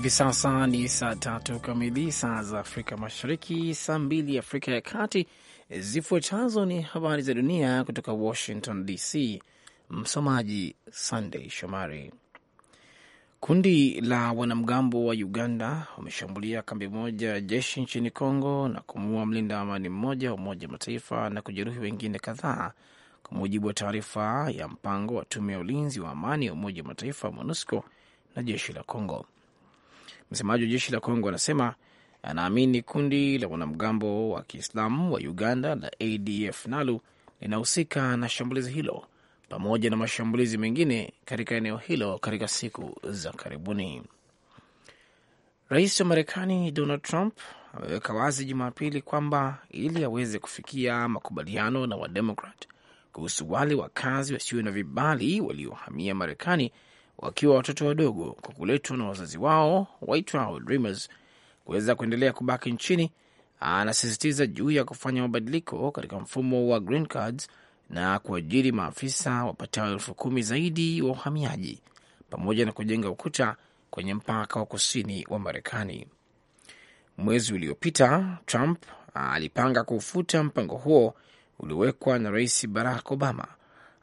Hivi sasa ni saa tatu kamili, saa za Afrika Mashariki, saa mbili Afrika ya Kati. Zifuatazo ni habari za dunia kutoka Washington DC. Msomaji Sandey Shomari. Kundi la wanamgambo wa Uganda wameshambulia kambi moja ya jeshi nchini Kongo na kumuua mlinda amani mmoja wa Umoja wa Mataifa na kujeruhi wengine kadhaa, kwa mujibu wa taarifa ya mpango wa tume ya ulinzi wa amani ya Umoja wa Mataifa MONUSCO na jeshi la congo Msemaji wa jeshi la Kongo anasema anaamini kundi la wanamgambo wa Kiislamu wa Uganda la ADF NALU linahusika na shambulizi hilo pamoja na mashambulizi mengine katika eneo hilo katika siku za karibuni. Rais wa Marekani Donald Trump ameweka wazi Jumapili kwamba ili aweze kufikia makubaliano na Wademokrat kuhusu wale wakazi wasio na vibali waliohamia Marekani wakiwa watoto wadogo kwa kuletwa na wazazi wao waitwao Dreamers kuweza kuendelea kubaki nchini. Anasisitiza juu ya kufanya mabadiliko katika mfumo wa green cards na kuajiri maafisa wapatao elfu kumi zaidi wa uhamiaji pamoja na kujenga ukuta kwenye mpaka wa kusini wa Marekani. Mwezi uliopita Trump alipanga kuufuta mpango huo uliowekwa na Rais Barack Obama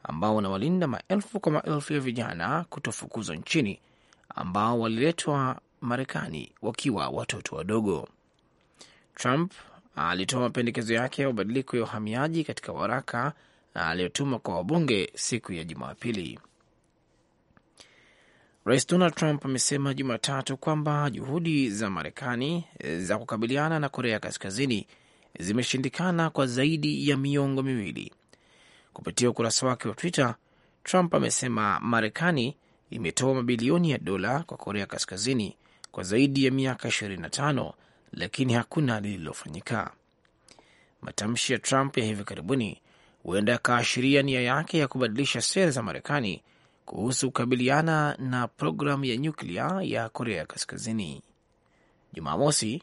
ambao wanawalinda maelfu kwa maelfu ya vijana kutofukuzwa nchini ambao waliletwa Marekani wakiwa watoto wadogo. Trump alitoa mapendekezo yake ya mabadiliko ya uhamiaji katika waraka aliyotuma kwa wabunge siku ya Jumapili. Rais Donald Trump amesema Jumatatu kwamba juhudi za Marekani eh, za kukabiliana na Korea Kaskazini zimeshindikana kwa zaidi ya miongo miwili Kupitia ukurasa wake wa Twitter, Trump amesema Marekani imetoa mabilioni ya dola kwa Korea Kaskazini kwa zaidi ya miaka 25 lakini hakuna lililofanyika. Matamshi ya Trump ya hivi karibuni huenda yakaashiria nia yake ya kubadilisha sera za Marekani kuhusu kukabiliana na programu ya nyuklia ya Korea Kaskazini. Jumamosi,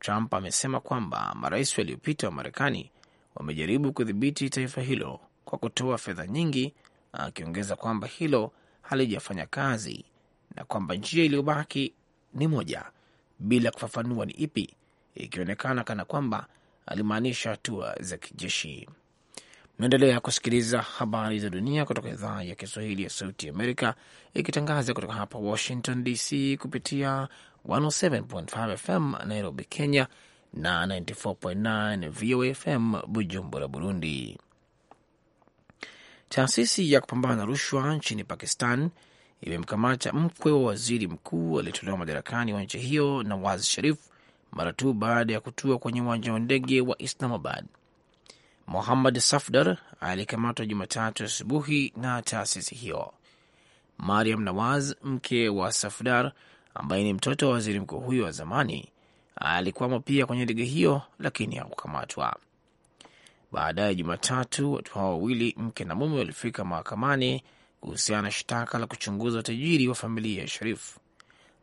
Trump amesema kwamba marais waliopita wa Marekani wamejaribu kudhibiti taifa hilo kwa kutoa fedha nyingi, akiongeza kwamba hilo halijafanya kazi na kwamba njia iliyobaki ni moja, bila kufafanua ni ipi, ikionekana kana kwamba alimaanisha hatua za kijeshi. naendelea kusikiliza habari za dunia kutoka idhaa ya Kiswahili ya Sauti Amerika, ikitangaza kutoka hapa Washington DC kupitia 107.5 FM Nairobi, Kenya na 94.9 VOA FM Bujumbura, Burundi. Taasisi ya kupambana na rushwa nchini Pakistan imemkamata mkwe wa waziri mkuu aliyetolewa madarakani wa nchi hiyo Nawaz Sharif mara tu baada ya kutua kwenye uwanja wa ndege wa Islamabad. muhammad Safdar alikamatwa Jumatatu asubuhi na taasisi hiyo. Mariam Nawaz, mke wa Safdar ambaye ni mtoto wa waziri mkuu huyo wa zamani, alikwama pia kwenye ndege hiyo, lakini hakukamatwa. Baadaye Jumatatu, watu hao wawili, mke na mume, walifika mahakamani kuhusiana na shtaka la kuchunguza utajiri wa familia ya Sharif.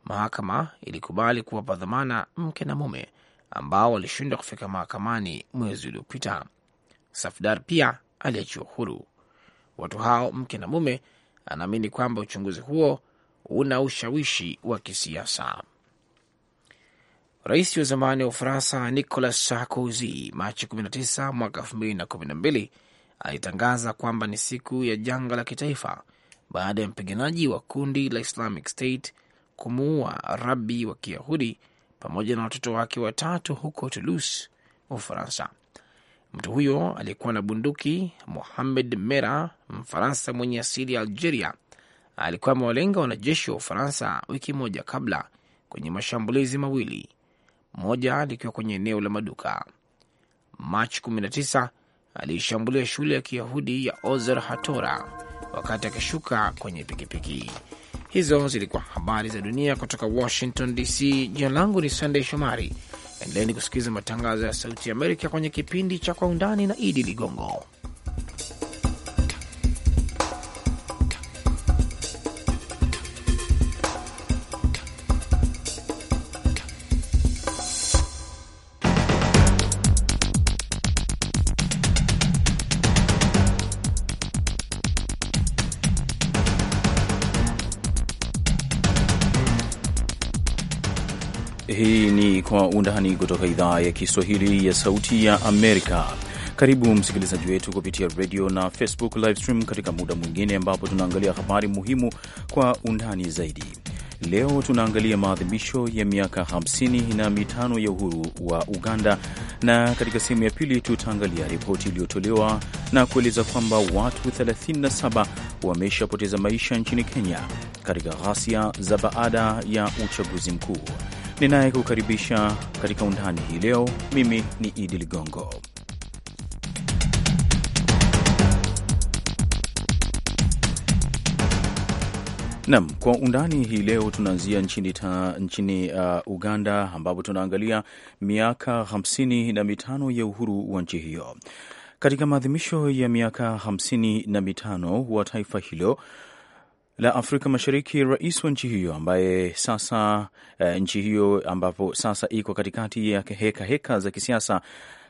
Mahakama ilikubali kuwapa dhamana mke na mume ambao walishindwa kufika mahakamani mwezi uliopita. Safdar pia aliachiwa huru. Watu hao mke na mume anaamini kwamba uchunguzi huo una ushawishi wa kisiasa. Rais wa zamani wa Ufaransa Nicolas Sarkozy Machi 19 mwaka 2012 alitangaza kwamba ni siku ya janga la kitaifa baada ya mpiganaji wa kundi la Islamic State kumuua rabi wa Kiyahudi pamoja na watoto wake watatu huko Toulouse, Ufaransa. Mtu huyo aliyekuwa na bunduki, Mohamed Mera, Mfaransa mwenye asili ya Algeria, alikuwa amewalenga wanajeshi wa Ufaransa wiki moja kabla kwenye mashambulizi mawili moja likiwa kwenye eneo la maduka. Machi 19 aliishambulia shule ya Kiyahudi ya Ozer Hatora wakati akishuka kwenye pikipiki. Hizo zilikuwa habari za dunia kutoka Washington DC. Jina langu ni Sandey Shomari. Endeleni kusikiliza matangazo ya Sauti ya Amerika kwenye kipindi cha Kwa Undani na Idi Ligongo. undani kutoka idhaa ya Kiswahili ya Sauti ya Amerika. Karibu msikilizaji wetu kupitia radio na Facebook live stream katika muda mwingine ambapo tunaangalia habari muhimu kwa undani zaidi. Leo tunaangalia maadhimisho ya miaka hamsini na mitano ya uhuru wa Uganda, na katika sehemu ya pili tutaangalia ripoti iliyotolewa na kueleza kwamba watu 37 wameshapoteza maisha nchini Kenya katika ghasia za baada ya uchaguzi mkuu ninayekukaribisha katika undani hii leo. Mimi ni Idi Ligongo. Nam, kwa undani hii leo tunaanzia nchini, ta, nchini uh, Uganda ambapo tunaangalia miaka hamsini na mitano ya uhuru wa nchi hiyo. Katika maadhimisho ya miaka hamsini na mitano wa taifa hilo la Afrika Mashariki, rais wa nchi hiyo ambaye sasa uh, nchi hiyo ambapo sasa iko katikati ya heka heka za kisiasa,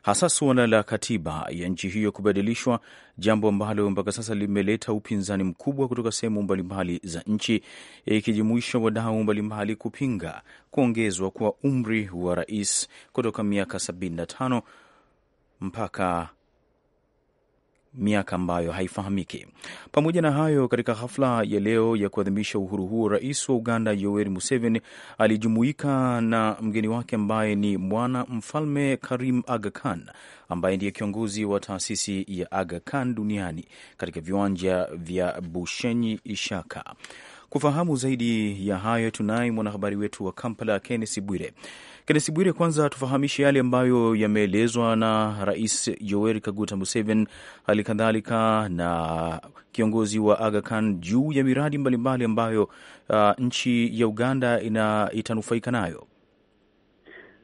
hasa suala la katiba ya nchi hiyo kubadilishwa, jambo ambalo mpaka sasa limeleta upinzani mkubwa kutoka sehemu mbalimbali za nchi, ikijumuisha wadau mbalimbali kupinga kuongezwa kwa umri wa rais kutoka miaka 75 mpaka miaka ambayo haifahamiki. Pamoja na hayo, katika hafla ya leo ya kuadhimisha uhuru huo, rais wa Uganda Yoweri Museveni alijumuika na mgeni wake ambaye ni mwana mfalme Karim Aga Khan ambaye ndiye kiongozi wa taasisi ya Aga Khan duniani katika viwanja vya Bushenyi Ishaka. Kufahamu zaidi ya hayo, tunaye mwanahabari wetu wa Kampala, Kennesi Bwire. Kennesi Bwire, kwanza tufahamishe yale ambayo yameelezwa na Rais Yoweri Kaguta Museveni, hali kadhalika na kiongozi wa Aga Khan juu ya miradi mbalimbali ambayo uh, nchi ya Uganda ina itanufaika nayo.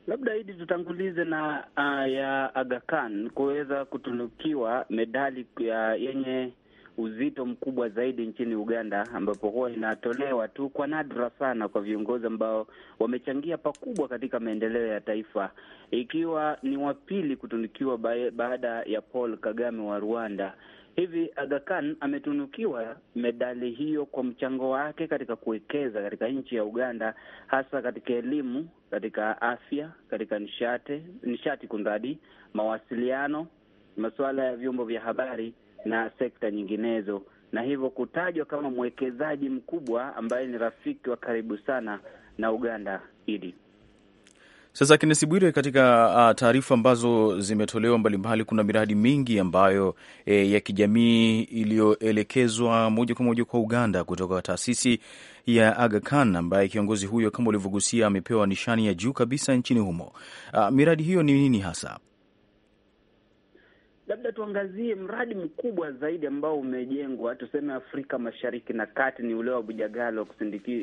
Labda hidi tutangulize na uh, ya Aga Khan kuweza kutunukiwa medali ya uh, yenye uzito mkubwa zaidi nchini Uganda, ambapo huwa inatolewa tu kwa nadra sana kwa viongozi ambao wamechangia pakubwa katika maendeleo ya taifa, ikiwa ni wa pili kutunukiwa baada ya Paul Kagame wa Rwanda. Hivi Aga Khan ametunukiwa medali hiyo kwa mchango wake katika kuwekeza katika nchi ya Uganda, hasa katika elimu, katika afya, katika nishati nishati, kunradi, mawasiliano, masuala ya vyombo vya habari na sekta nyinginezo, na hivyo kutajwa kama mwekezaji mkubwa ambaye ni rafiki wa karibu sana na Uganda. Idi sasa, Kennesi Bwire, katika ah, taarifa ambazo zimetolewa mbalimbali, kuna miradi mingi ambayo e, ya kijamii iliyoelekezwa moja kwa moja kwa Uganda kutoka taasisi ya Aga Khan ambaye kiongozi huyo kama ulivyogusia amepewa nishani ya juu kabisa nchini humo. Uh, miradi hiyo ni nini hasa? labda tuangazie mradi mkubwa zaidi ambao umejengwa tuseme Afrika Mashariki na Kati, ni ule wa Bujagala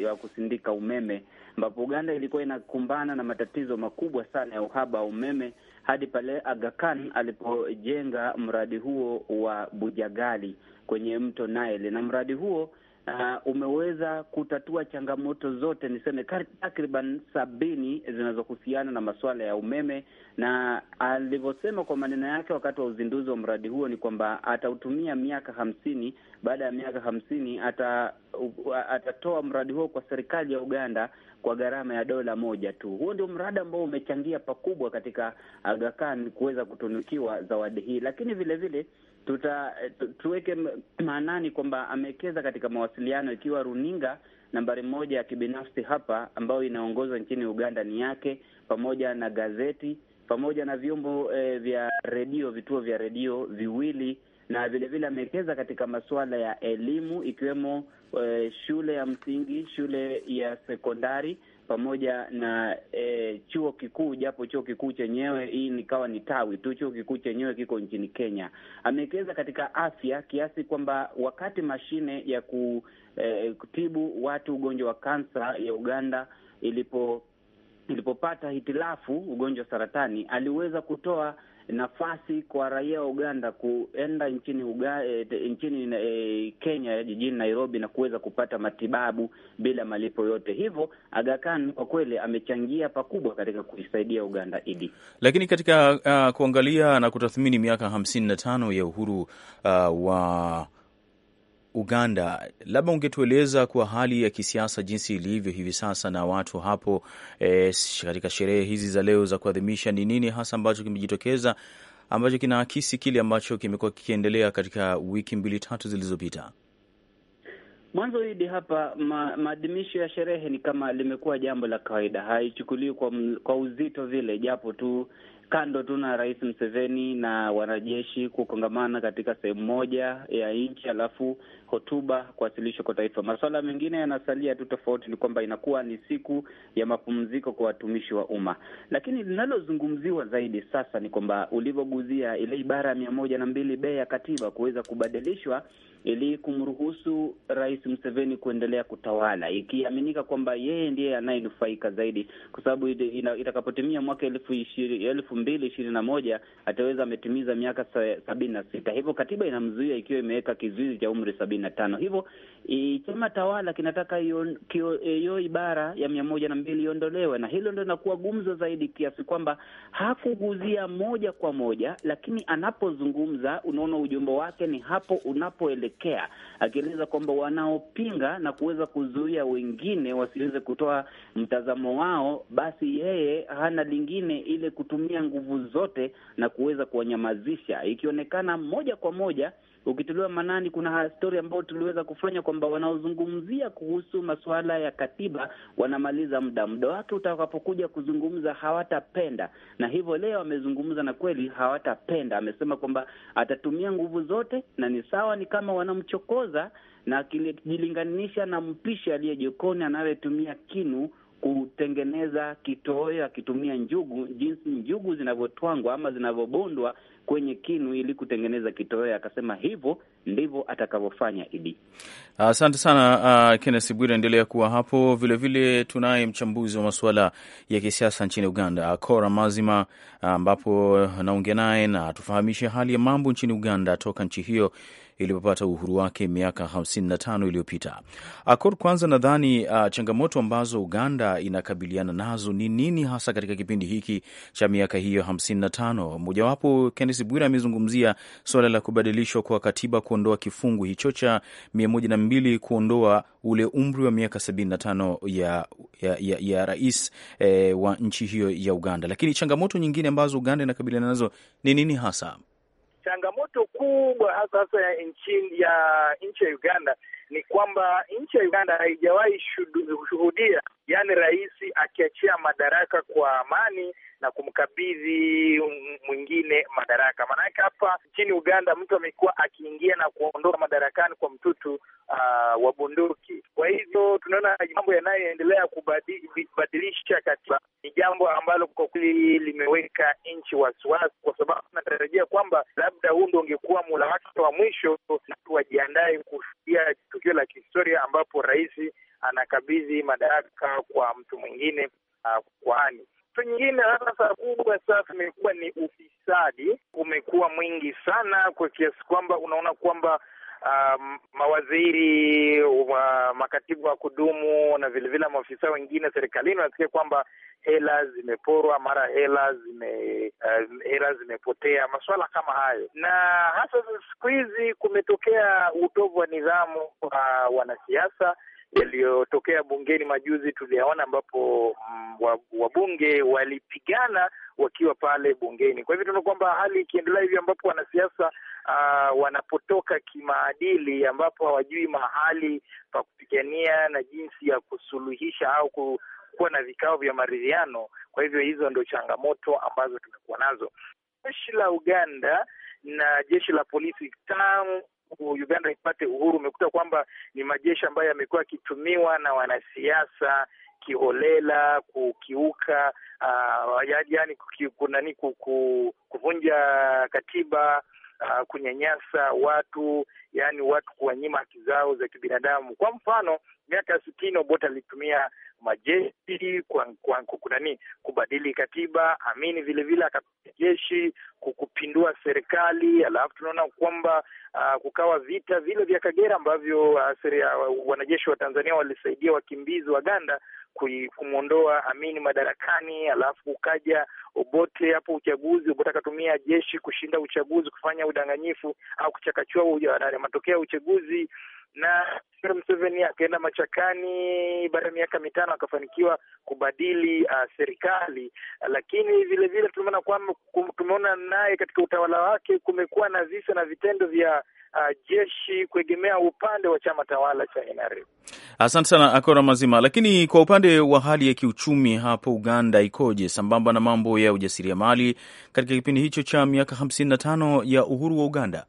wa kusindika umeme, ambapo Uganda ilikuwa inakumbana na matatizo makubwa sana ya uhaba wa umeme hadi pale Aga Khan alipojenga mradi huo wa Bujagali kwenye mto Nile, na mradi huo uh, umeweza kutatua changamoto zote, niseme takriban sabini zinazohusiana na masuala ya umeme, na alivyosema kwa maneno yake wakati wa uzinduzi wa mradi huo ni kwamba atautumia miaka hamsini. Baada ya miaka hamsini ata, uh, atatoa mradi huo kwa serikali ya Uganda kwa gharama ya dola moja tu. Huo ndio mradi ambao umechangia pakubwa katika Aga Khan kuweza kutunukiwa zawadi hii, lakini vilevile vile, tuta eh, tuweke maanani kwamba amewekeza katika mawasiliano, ikiwa runinga nambari moja ya kibinafsi hapa ambayo inaongozwa nchini Uganda ni yake, pamoja na gazeti, pamoja na vyombo eh, vya redio, vituo vya redio viwili na vilevile amewekeza katika masuala ya elimu ikiwemo eh, shule ya msingi, shule ya sekondari pamoja na e, chuo kikuu, japo chuo kikuu chenyewe hii nikawa ni tawi tu, chuo kikuu chenyewe kiko nchini Kenya. Amewekeza katika afya kiasi kwamba wakati mashine ya ku, e, kutibu watu ugonjwa wa kansa ya Uganda ilipo ilipopata hitilafu ugonjwa wa saratani, aliweza kutoa nafasi kwa raia wa Uganda kuenda nchini Uga, e, nchini e, Kenya eh, jijini Nairobi na kuweza kupata matibabu bila malipo yote. Hivyo Aga Khan kwa kweli amechangia pakubwa katika kuisaidia Uganda idi. Lakini katika uh, kuangalia na kutathmini miaka hamsini na tano ya uhuru uh, wa Uganda, labda ungetueleza kwa hali ya kisiasa jinsi ilivyo hivi sasa na watu hapo eh, katika sherehe hizi za leo za kuadhimisha, ni nini hasa ambacho kimejitokeza ambacho kinaakisi kile ambacho kimekuwa kikiendelea katika wiki mbili tatu zilizopita? Mwanzo hidi hapa ma, maadhimisho ya sherehe ni kama limekuwa jambo la kawaida, haichukuliwi kwa, kwa uzito vile, japo tu kando tu na Rais Mseveni na wanajeshi kukongamana katika sehemu moja ya nchi, alafu hotuba kuwasilishwa kwa taifa. Masuala mengine yanasalia tu, tofauti ni kwamba inakuwa ni siku ya mapumziko kwa watumishi wa umma, lakini linalozungumziwa zaidi sasa ni kwamba ulivyoguzia ile ibara ya mia moja na mbili be ya katiba kuweza kubadilishwa ili kumruhusu Rais Museveni kuendelea kutawala, ikiaminika kwamba yeye ndiye anayenufaika zaidi, kwa sababu itakapotimia mwaka elfu elfu mbili ishirini na moja ataweza ametimiza miaka sabini na sita. Hivyo katiba inamzuia ikiwa imeweka kizuizi cha umri sabini na tano. Hivyo chama tawala kinataka e, hiyo ibara ya mia moja na mbili iondolewe, na hilo ndo linakuwa gumzo zaidi, kiasi kwamba hakuguzia moja kwa moja, lakini anapozungumza unaona ujumbe wake ni hapo unapoelekea, akieleza kwamba wanaopinga na kuweza kuzuia wengine wasiweze kutoa mtazamo wao, basi yeye hana lingine ile kutumia nguvu zote na kuweza kuwanyamazisha, ikionekana moja kwa moja ukituliwa maanani, kuna stori ambayo tuliweza kufanya kwamba wanaozungumzia kuhusu masuala ya katiba wanamaliza muda, muda wake utakapokuja kuzungumza hawatapenda, na hivyo leo amezungumza na kweli hawatapenda. Amesema kwamba atatumia nguvu zote na ni sawa, ni kama wanamchokoza na akijilinganisha na mpishi aliye jikoni anayetumia kinu kutengeneza kitoweo akitumia njugu, jinsi njugu zinavyotwangwa ama zinavyobondwa kwenye kinu ili kutengeneza kitoweo. Akasema hivyo ndivyo atakavyofanya. Idi, asante uh, sana uh, Kenneth Bwire, endelea kuwa hapo. Vilevile tunaye mchambuzi wa masuala ya kisiasa nchini Uganda, Kora Mazima, ambapo uh, naongea naye na tufahamishe hali ya mambo nchini Uganda toka nchi hiyo ilipopata uhuru wake miaka 55 iliyopita. Akor, kwanza nadhani uh, changamoto ambazo Uganda inakabiliana nazo ni nini hasa katika kipindi hiki cha miaka hiyo 55? Mojawapo, Kennes Bwira amezungumzia suala la kubadilishwa kwa katiba kuondoa kifungu hicho cha 102 kuondoa ule umri wa miaka 75 ya, ya, ya, ya rais eh, wa nchi hiyo ya Uganda. Lakini changamoto nyingine ambazo Uganda inakabiliana nazo ni nini hasa? changamoto kubwa hasa hasa ya nchi ya nchi ya Uganda ni kwamba nchi ya Uganda haijawahi shuhudia yani rais akiachia madaraka kwa amani na kumkabidhi mwingine madaraka. Maanake hapa nchini Uganda mtu amekuwa akiingia na kuondoka madarakani kwa mtutu uh, wa bunduki. Kwa hivyo tunaona mambo yanayoendelea kubadilisha katiba ni jambo ambalo kwa kweli limeweka nchi wasiwasi, kwa sababu tunatarajia kwamba labda huu ndo ungekuwa mula wake wa mwisho, na wajiandae kufikia tukio la kihistoria ambapo rais anakabidhi madaraka kwa mtu mwingine ah, kwani kitu nyingine sasa kubwa sasa imekuwa ni ufisadi, umekuwa mwingi sana kwa kiasi kwamba unaona kwamba um, mawaziri wa makatibu wa kudumu na vilevile maafisa wengine serikalini wanasikia kwamba hela zimeporwa, mara hela zime uh, hela zimepotea, masuala kama hayo. Na hasa siku hizi kumetokea utovu wa nidhamu wa uh, wanasiasa yaliyotokea bungeni majuzi tuliyaona, ambapo mm, wabunge walipigana wakiwa pale bungeni. Kwa hivyo tuna kwamba hali ikiendelea hivyo ambapo wanasiasa uh, wanapotoka kimaadili, ambapo hawajui mahali pa kupigania na jinsi ya kusuluhisha au ku, kuwa na vikao vya maridhiano. Kwa hivyo hizo ndio changamoto ambazo tumekuwa nazo. Jeshi la Uganda na jeshi la polisi tangu Uganda ipate uhuru, umekuta kwamba ni majeshi ambayo yamekuwa yakitumiwa na wanasiasa kiholela kukiuka uh, yaani kunani kuvunja katiba uh, kunyanyasa watu, yani watu kuwanyima haki zao za kibinadamu. Kwa mfano, miaka ya sitini Obote alitumia majeshi kunani kubadili katiba, Amini vilevile akatumia jeshi kupindua serikali. Alafu tunaona kwamba uh, kukawa vita vile vya Kagera ambavyo uh, uh wanajeshi wa Tanzania walisaidia wakimbizi Waganda kumwondoa Amini madarakani, alafu ukaja Obote hapo uchaguzi. Obote akatumia jeshi kushinda uchaguzi, kufanya udanganyifu au kuchakachua matokeo ya uchaguzi na Museveni akaenda machakani baada ya miaka mitano akafanikiwa kubadili uh, serikali, lakini vilevile tumeona kwamba tumeona naye katika utawala wake kumekuwa na visa na vitendo vya uh, jeshi kuegemea upande wa chama tawala cha NRM. Asante sana Akora Mazima. Lakini kwa upande wa hali ya kiuchumi hapo Uganda ikoje, sambamba na mambo ya ujasiriamali katika kipindi hicho cha miaka hamsini na tano ya uhuru wa Uganda?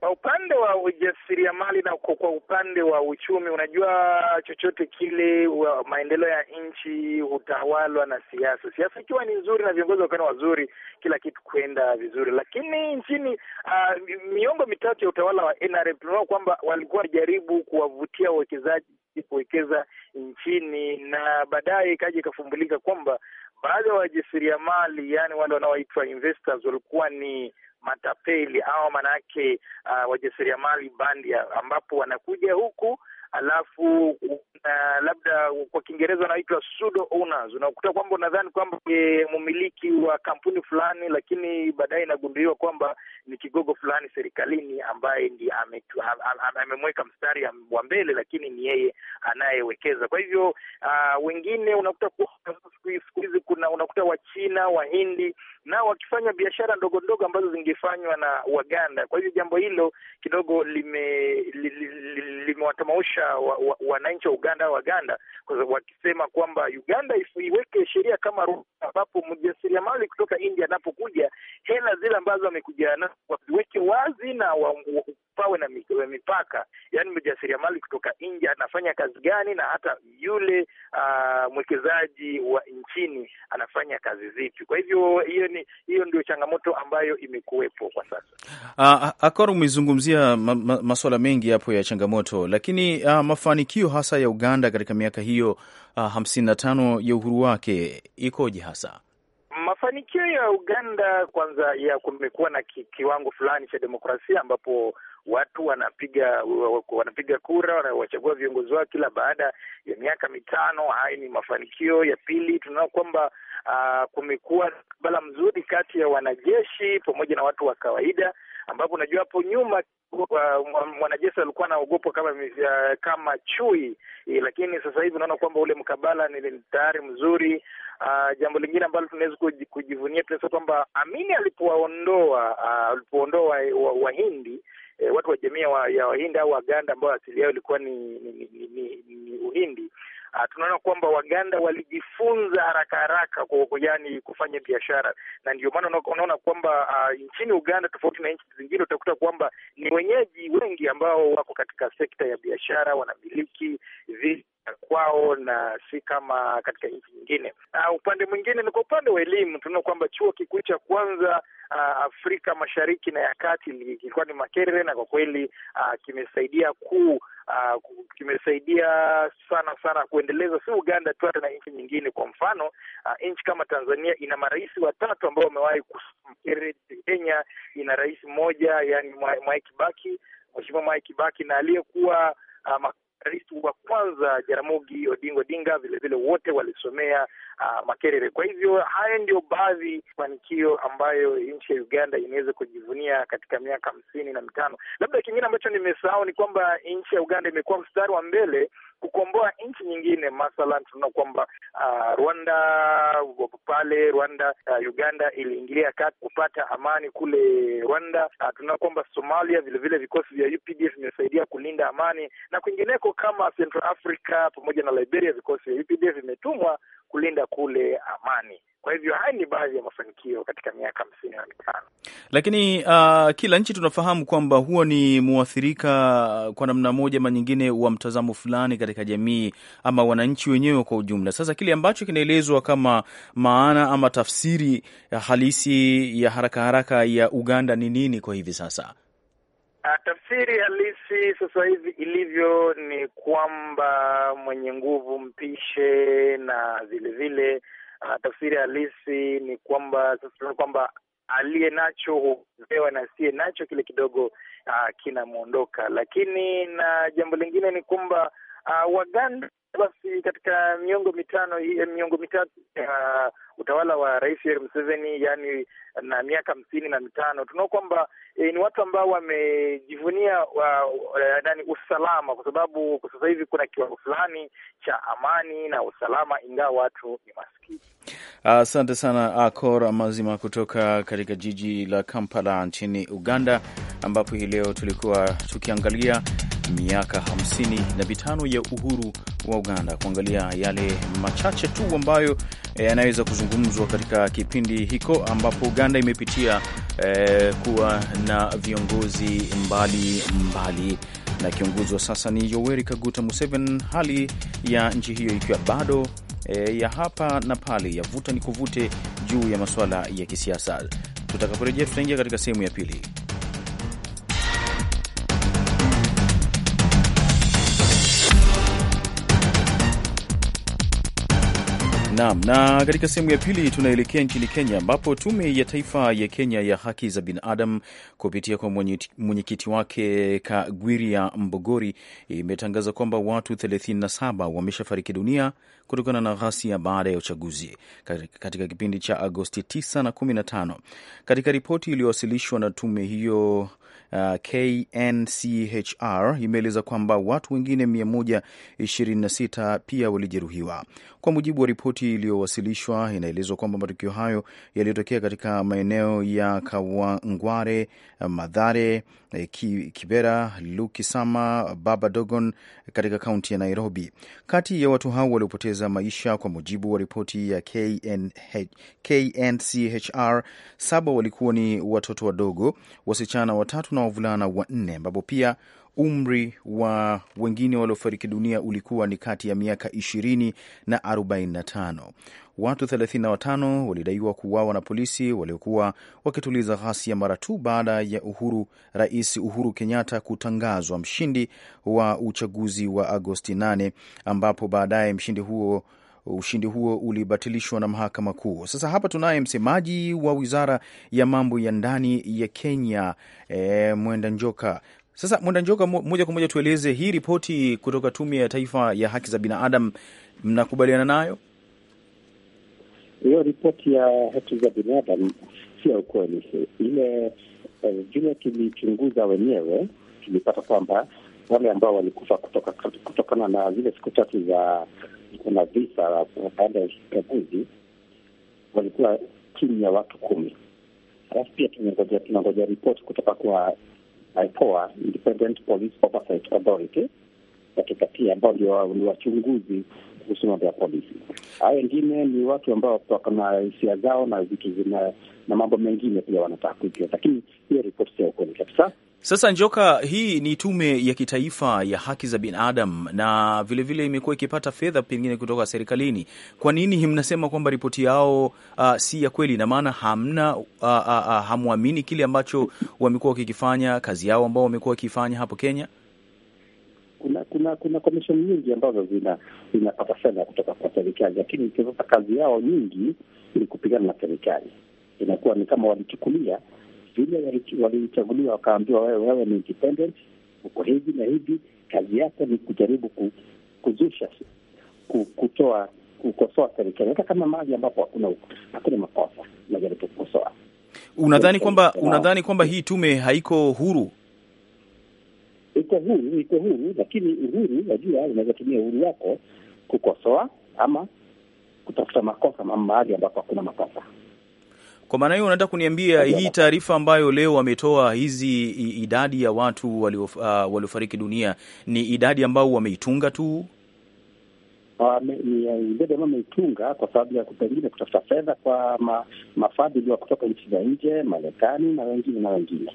Kwa upande wa ujasiriamali na kwa upande wa uchumi, unajua chochote kile, maendeleo ya nchi hutawalwa na siasa. Siasa ikiwa ni nzuri na viongozi wakiwa wazuri, kila kitu kuenda vizuri. Lakini nchini uh, miongo mitatu ya utawala wa NRM tunaona kwamba walikuwa wajaribu kuwavutia wawekezaji kuwekeza nchini, na baadaye ikaja ikafumbulika kwamba baadhi ya wajasiriamali, yani wale wanaoitwa investors walikuwa ni matapeli au manake uh, wajasiriamali bandia ambapo wanakuja huku alafu uh, labda kwa Kiingereza wanaitwa sudo owners. Unakuta kwamba unadhani kwamba ni eh, mmiliki wa kampuni fulani, lakini baadaye inagunduliwa kwamba ni kigogo fulani serikalini ambaye ndi amemweka mstari wa mbele, lakini ni yeye anayewekeza. Kwa hivyo uh, wengine unakuta siku hizi kuna unakuta Wachina, Wahindi na wakifanya biashara ndogo ndogo ambazo zingefanywa na Waganda. Kwa hivyo jambo hilo kidogo limewatamausha lime wa, wa, wananchi wa Uganda Waganda wakisema kwamba Uganda iweke sheria kama Rwanda, ambapo mjasiriamali kutoka India anapokuja hela zile ambazo amekuja nazo waziweke wazi na wa, wa, pawe na mipaka, yaani mjasiriamali kutoka India anafanya kazi gani na hata yule uh, mwekezaji wa nchini anafanya kazi zipi. Kwa hivyo hiyo ni lakini hiyo ndio changamoto ambayo imekuwepo kwa sasa. Ah, ah Akora, umezungumzia ma, ma, masuala mengi hapo ya changamoto, lakini ah, mafanikio hasa ya Uganda katika miaka hiyo ah, hamsini na tano ya uhuru wake ikoje hasa? Mafanikio ya Uganda kwanza, ya kumekuwa na ki, kiwango fulani cha demokrasia ambapo watu wanapiga wanapiga kura, wachagua viongozi wao kila baada ya miaka mitano. hayi ni mafanikio ya pili. Tunaona kwamba uh, kumekuwa bala mzuri kati ya wanajeshi pamoja na watu wa kawaida ambapo unajua hapo nyuma mwanajeshi alikuwa anaogopwa kama uh, kama chui, e, lakini sasa hivi unaona kwamba ule mkabala ni tayari mzuri. Uh, jambo lingine ambalo tunaweza kujivunia pia kwamba Amini alipowaondoa uh, alipoondoa Wahindi wa, wa eh, watu wa jamii ya Wahindi au Waganda ambao asili yao ilikuwa ni, ni, ni, ni, ni Uhindi Ah, tunaona kwamba Waganda walijifunza haraka haraka, yani kufanya biashara, na ndio maana unaona kwamba uh, nchini Uganda tofauti na nchi zingine utakuta kwamba ni wenyeji wengi ambao wako katika sekta ya biashara, wanamiliki vi kwao na si kama katika nchi nyingine. Uh, upande mwingine ni kwa upande wa elimu, tunaona kwamba chuo kikuu cha kwanza uh, Afrika Mashariki na ya Kati kilikuwa ni Makerere, na kwa kweli uh, kimesaidia kuu Uh, kimesaidia sana sana kuendeleza si Uganda tu, hata na nchi nyingine. Kwa mfano uh, nchi kama Tanzania ina marais watatu ambao wamewahi kusoma Makerere. Kenya ina rais mmoja, yani Mwai Kibaki, mheshimiwa Mwai Kibaki na aliyekuwa uh, rais wa kwanza Jaramogi Odinga Odinga, vilevile wote walisomea uh, Makerere. Kwa hivyo haya ndio baadhi mafanikio ambayo nchi ya Uganda imeweza kujivunia katika miaka hamsini na mitano. Labda kingine ambacho nimesahau ni kwamba nchi ya Uganda imekuwa mstari wa mbele kukomboa nchi nyingine. Mathalan, tunaona kwamba uh, Rwanda pale Rwanda uh, Uganda iliingilia kati kupata amani kule Rwanda. Uh, tunaona kwamba Somalia vilevile vikosi vya UPDF vimesaidia kulinda amani na kwingineko, kama Central Africa pamoja na Liberia, vikosi vya UPDF vimetumwa kulinda kule amani. Kwa hivyo haya ni baadhi ya mafanikio katika miaka hamsini na mitano, lakini uh, kila nchi tunafahamu kwamba huwa ni mwathirika uh, kwa namna moja ama nyingine wa mtazamo fulani katika jamii ama wananchi wenyewe kwa ujumla. Sasa kile ambacho kinaelezwa kama maana ama tafsiri ya uh, halisi ya haraka haraka ya Uganda ni nini kwa hivi sasa? Ah, tafsiri halisi sasa hivi ilivyo ni kwamba mwenye nguvu mpishe, na vilevile ah, tafsiri halisi ni kwamba sasa kwamba aliye nacho hupewa na asiye nacho kile kidogo ah, kinamwondoka. Lakini na jambo lingine ni kwamba uh, Waganda basi katika miongo mitano eh, miongo mitatu ya uh, utawala wa Rais Yoweri Museveni, yani na miaka hamsini na mitano, tunaona kwamba eh, ni watu ambao wamejivunia wa, uh, eh, nani usalama, kwa sababu kwa sasa hivi kuna kiwango fulani cha amani na usalama, ingawa watu ni maskini. Asante uh, sana akor Mazima kutoka katika jiji la Kampala nchini Uganda, ambapo hii leo tulikuwa tukiangalia miaka hamsini na mitano ya uhuru wa Uganda, kuangalia yale machache tu ambayo eh, yanaweza e, kuzungumzwa katika kipindi hiko, ambapo Uganda imepitia e, kuwa na viongozi mbali mbali na kiongozi wa sasa ni Yoweri Kaguta Museveni, hali ya nchi hiyo ikiwa bado e, ya hapa na pale ya vuta ni kuvute juu ya masuala ya kisiasa. Tutakaporejea tutaingia katika sehemu ya pili. Naam, na katika sehemu ya pili tunaelekea nchini Kenya ambapo tume ya taifa ya Kenya ya haki za binadamu kupitia kwa mwenyekiti wake Kagwiria Mbogori imetangaza kwamba watu 37 wameshafariki dunia kutokana na ghasia baada ya uchaguzi katika kipindi cha Agosti 9 na 15. Katika ripoti iliyowasilishwa na tume hiyo Uh, KNCHR imeeleza kwamba watu wengine 126 pia walijeruhiwa. Kwa mujibu wa ripoti iliyowasilishwa, inaelezwa kwamba matukio hayo yaliyotokea katika maeneo ya Kawangware, Madhare, Kibera, Lukisama, Baba Dogon katika kaunti ya Nairobi. Kati ya watu hao waliopoteza maisha, kwa mujibu wa ripoti ya KNH, KNCHR, saba walikuwa ni watoto wadogo, wasichana watatu na wavulana wanne, ambapo pia umri wa wengine waliofariki dunia ulikuwa ni kati ya miaka 20 na 45. Watu 35 walidaiwa kuuawa na polisi waliokuwa wakituliza ghasia mara tu baada ya uhuru Rais Uhuru Kenyatta kutangazwa mshindi wa uchaguzi wa Agosti 8 ambapo baadaye mshindi huo ushindi huo ulibatilishwa na mahakama kuu. Sasa hapa tunaye msemaji wa wizara ya mambo ya ndani ya Kenya, e, Mwenda Njoka. Sasa Njoka, moja kwa moja tueleze hii ripoti kutoka Tume ya Taifa ya Haki za Binadamu, mnakubaliana nayo? Hiyo ripoti ya haki za binadamu sio ukweli ile. Eh, vile tulichunguza wenyewe, tulipata kwamba wale ambao walikufa kutoka kutokana na zile siku tatu za na visa baada ya uchaguzi walikuwa chini ya watu kumi. Halafu pia tunangoja ripoti kutoka kwa IPOA, Independent Police Oversight Authority, katika pia ambao ni wachunguzi kuhusu mambo ya polisi. Hao wengine ni watu ambao wako na hisia zao na vitu zina na mambo mengine pia wanataka kujua, lakini hiyo ripoti ya ukweli kabisa. Sasa Njoka, hii ni tume ya kitaifa ya haki za binadamu na vilevile imekuwa ikipata fedha pengine kutoka serikalini. Kwa nini mnasema kwamba ripoti yao uh, si ya kweli? Ina maana hamna uh, uh, uh, hamwamini kile ambacho wamekuwa wakikifanya, kazi yao ambao wamekuwa wakifanya hapo Kenya? Kuna kuna kuna komishoni nyingi ambazo zina zinapata fedha kutoka kwa serikali, lakini sasa kazi yao nyingi ni kupigana na serikali, inakuwa ni kama walichukulia vile walichaguliwa, wakaambiwa wewe, wewe ni independent, uko hivi na hivi, kazi yako ni kujaribu kuzusha kutoa kukosoa serikali, hata kama mali ambapo hakuna hakuna makosa, unajaribu kukosoa. Unadhani kwamba unadhani kwamba hii tume haiko huru? Iko huru, iko huru, lakini uhuru, najua unaweza tumia uhuru wako kukosoa ama kutafuta makosa mahali ambapo hakuna makosa. Kwa maana hiyo unataka kuniambia hii taarifa ambayo leo wametoa, hizi idadi ya watu uh, waliofariki uh, dunia ni idadi ambao wameitunga tu idadi ambayo ameitunga kwa sababu ya pengine kutafuta fedha kwa ma, mafadhili wa kutoka nchi za nje, Marekani na wengine na wengine.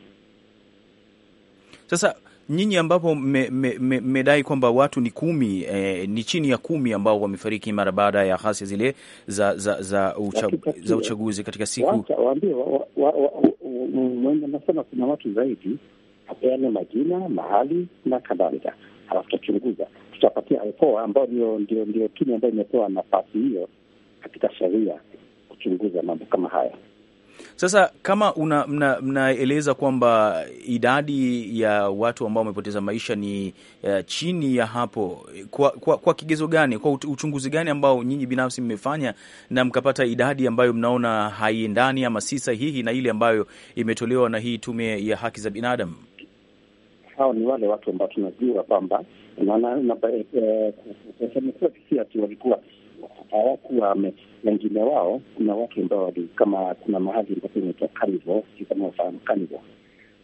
Sasa nyinyi ambapo mmedai kwamba watu ni kumi eh, ni chini ya kumi ambao wamefariki mara baada ya ghasia zile za za za, ucha, za uchaguzi katika siku waambie nasema kuna watu zaidi, apeane majina, mahali na kadhalika, halafu tutachunguza, tutapatia IPOA ambao ndio ndio timu ambayo imepewa nafasi hiyo katika sheria kuchunguza mambo kama haya. Sasa kama mnaeleza mna kwamba idadi ya watu ambao wamepoteza maisha ni uh, chini ya hapo, kwa, kwa, kwa kigezo gani, kwa uchunguzi gani ambao nyinyi binafsi mmefanya na mkapata idadi ambayo mnaona haiendani ama si sahihi na ile ambayo imetolewa na hii tume ya haki za binadamu? Hao ni wale watu ambao tunajua kwamba eh, eh, walikuwa hawakuwa wengine wao, kuna watu ambao wali kama kuna mahali ambapo inaitwa Kanivo, si kama wafahamu Kanivo,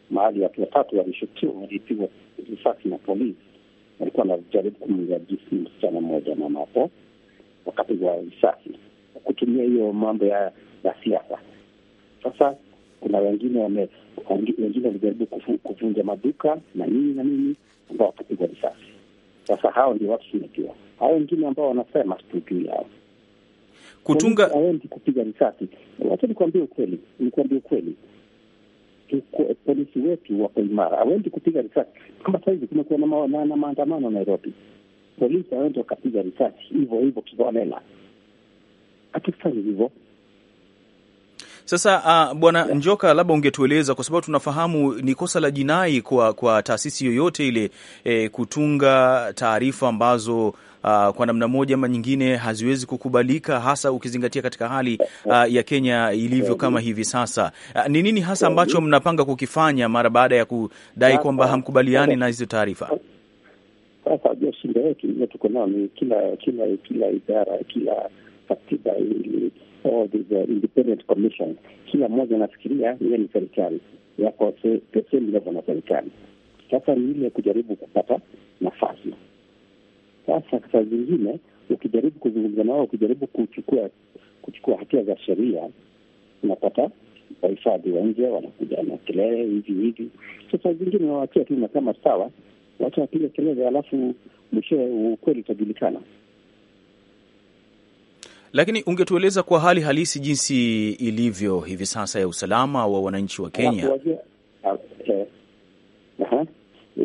mahali watu watatu walishukiwa, walipigwa risasi na polisi, walikuwa wanajaribu kumuia jisi msichana mmoja mama hapo, wakapigwa risasi kutumia hiyo mambo ya ya siasa. Sasa kuna wengine wame wengine walijaribu kuvunja maduka na nini na nini, ambao wakapigwa risasi. Sasa hao ndio watu tunajua, hao wengine ambao wanasema situjui hao kutunga yaani kupiga risasi. Wacha nikuambie ukweli, nikuambie ukweli, polisi wetu wako imara, awendi kupiga risasi. Kama sahizi kumekuwa na maandamano Nairobi, polisi hawendi wakapiga risasi hivyo hivyo kiholela, hatufanyi hivyo. Sasa uh, bwana yeah, Njoka, labda ungetueleza kwa sababu tunafahamu ni kosa la jinai kwa, kwa taasisi yoyote ile eh, kutunga taarifa ambazo uh, kwa namna moja ama nyingine haziwezi kukubalika, hasa ukizingatia katika hali uh, ya Kenya ilivyo kama hivi sasa. Ni uh, nini hasa ambacho mnapanga kukifanya mara baada ya kudai kwamba hamkubaliani na hizo taarifa? Sasa biashara yetu tuko nayo ni kila kila kila idara kila katiba ili or these uh, independent Kila mmoja anafikiria yeye ni serikali, yako the na serikali. Sasa ni ile kujaribu kupata nafasi. Sasa saa zingine ukijaribu kuzungumza nao, ukijaribu kuchukua kuchukua hatua za sheria, unapata wahifadhi wa nje wanakuja na kelele hivi hivi. Sasa zingine wawachia tu nakama sawa, wacha wapiga kelele, alafu mwishowe ukweli utajulikana. Lakini ungetueleza kwa hali halisi jinsi ilivyo hivi sasa ya usalama wa wananchi wa Kenya?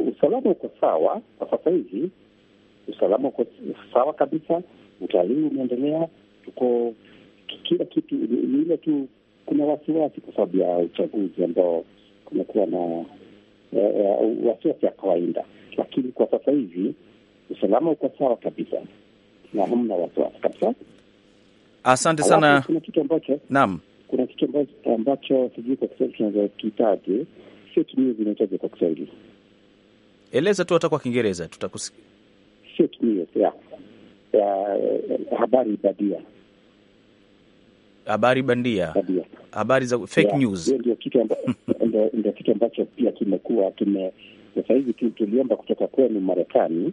Usalama uko sawa kwa sasa hivi, usalama uko sawa kabisa, utalii umeendelea, tuko kila kitu. Ni ile tu kuna wasiwasi kwa sababu ya uchaguzi ambao kumekuwa na eh, eh, wasiwasi ya kawaida, lakini kwa sasa hivi usalama uko sawa kabisa na hamna wasiwasi kabisa. Asante sana. Kuna kitu ambacho naam, kuna kitu ambacho sijui kwa Kiswahili tunaweza sio fake news kwa Kiswahili? Eleza tu hata kwa Kiingereza tutakusikia. Fake news ya habari badia, habari bandia, habari za fake news, ndio kitu ambacho pia kimekuwa kime sasa hivi tuliomba kutoka kwenu Marekani,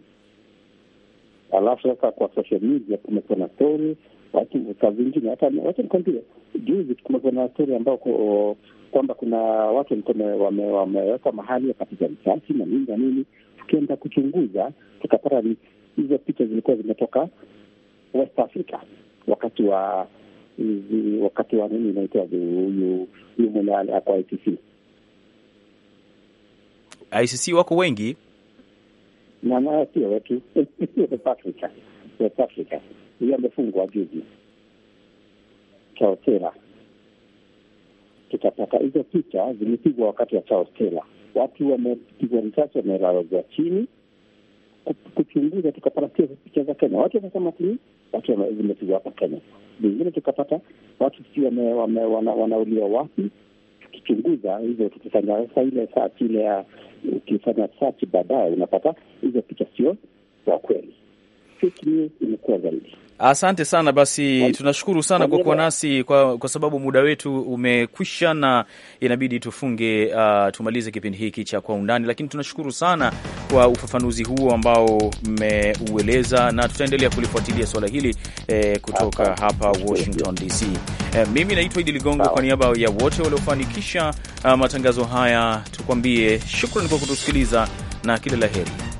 alafu sasa kwa social media kumekuwa na stories vitu zingine Hata wacha nikwambie, juzi kumekuwa na stori ambao kwamba kuna watu walikuwa wamewekwa mahali wakapiga risasi na nini na nini. Tukienda kuchunguza, tukapata hizo picha zilikuwa zimetoka West Africa wakati wa wakati wa nini inaitwa huyu huyu mwenye kwa ICC ICC wako wengi na na sio wetu West Africa, West Africa hiyo amefungwa juzi Charles Taylor. hizo picha zimepigwa wakati wa Charles watu wamepigwa risasi, wamelalazwa chini kuchunguza tukapata sio picha za Kenya, watu wakakamati, watu zimepigwa hapa Kenya. Vingine tukapata watu si wanauliwa wapi, tukichunguza hizo, tukifanya ile search ile ya ukifanya search baadaye unapata hizo picha sio za kweli fake news imekuwa zaidi. Asante sana basi, tunashukuru sana kwa kuwa nasi kwa, kwa sababu muda wetu umekwisha na inabidi tufunge, uh, tumalize kipindi hiki cha kwa undani, lakini tunashukuru sana kwa ufafanuzi huo ambao mmeueleza na tutaendelea kulifuatilia swala hili eh, kutoka hapa, hapa Washington DC. Eh, mimi naitwa Idi Ligongo, kwa niaba ya wote waliofanikisha uh, matangazo haya tukwambie shukran kwa kutusikiliza na kila la heri.